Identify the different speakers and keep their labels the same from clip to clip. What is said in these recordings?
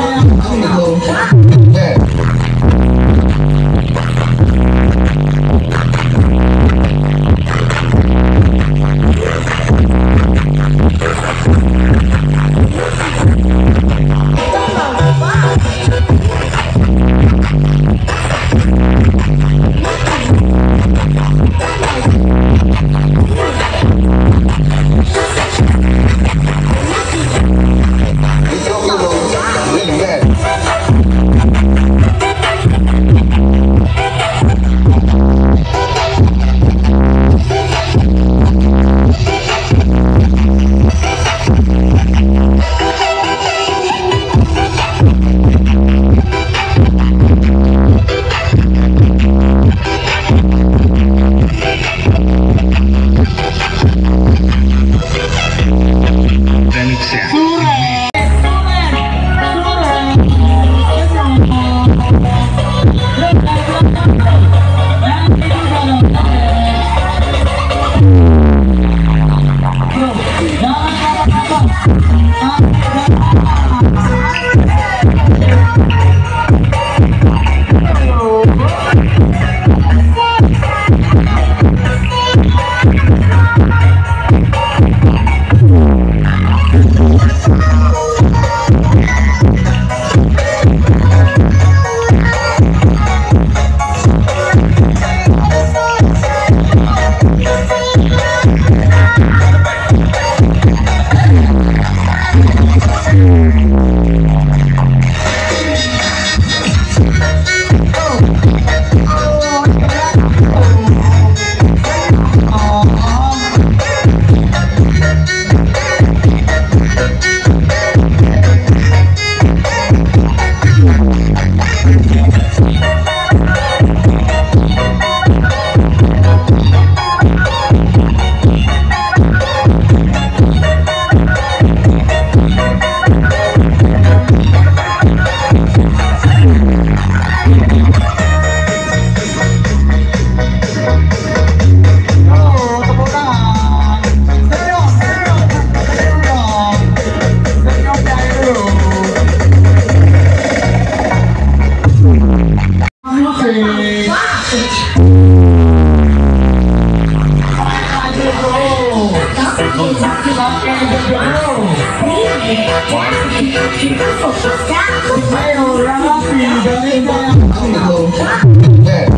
Speaker 1: I'm gonna go. We up your nose. They do the run off you, but they down. Yeah.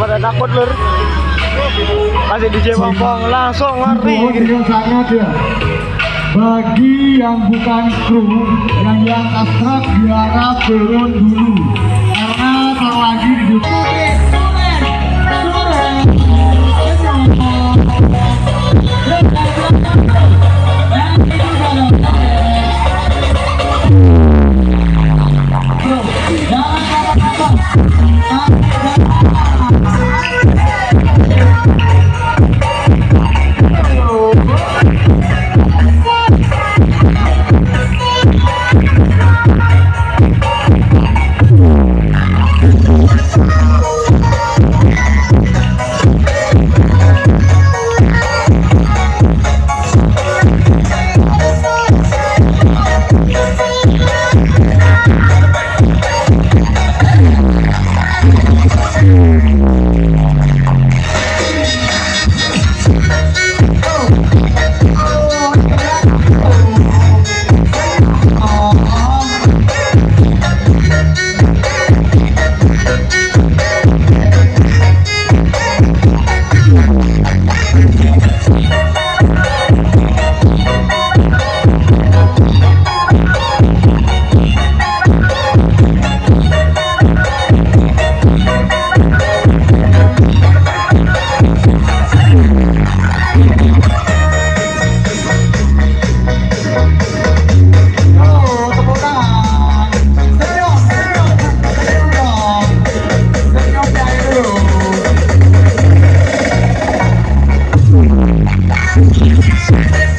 Speaker 1: pada takut lur masih di Jepang langsung lari bagi yang bukan kru yang yang astrak biara turun dulu karena kalau lagi di
Speaker 2: Thank you.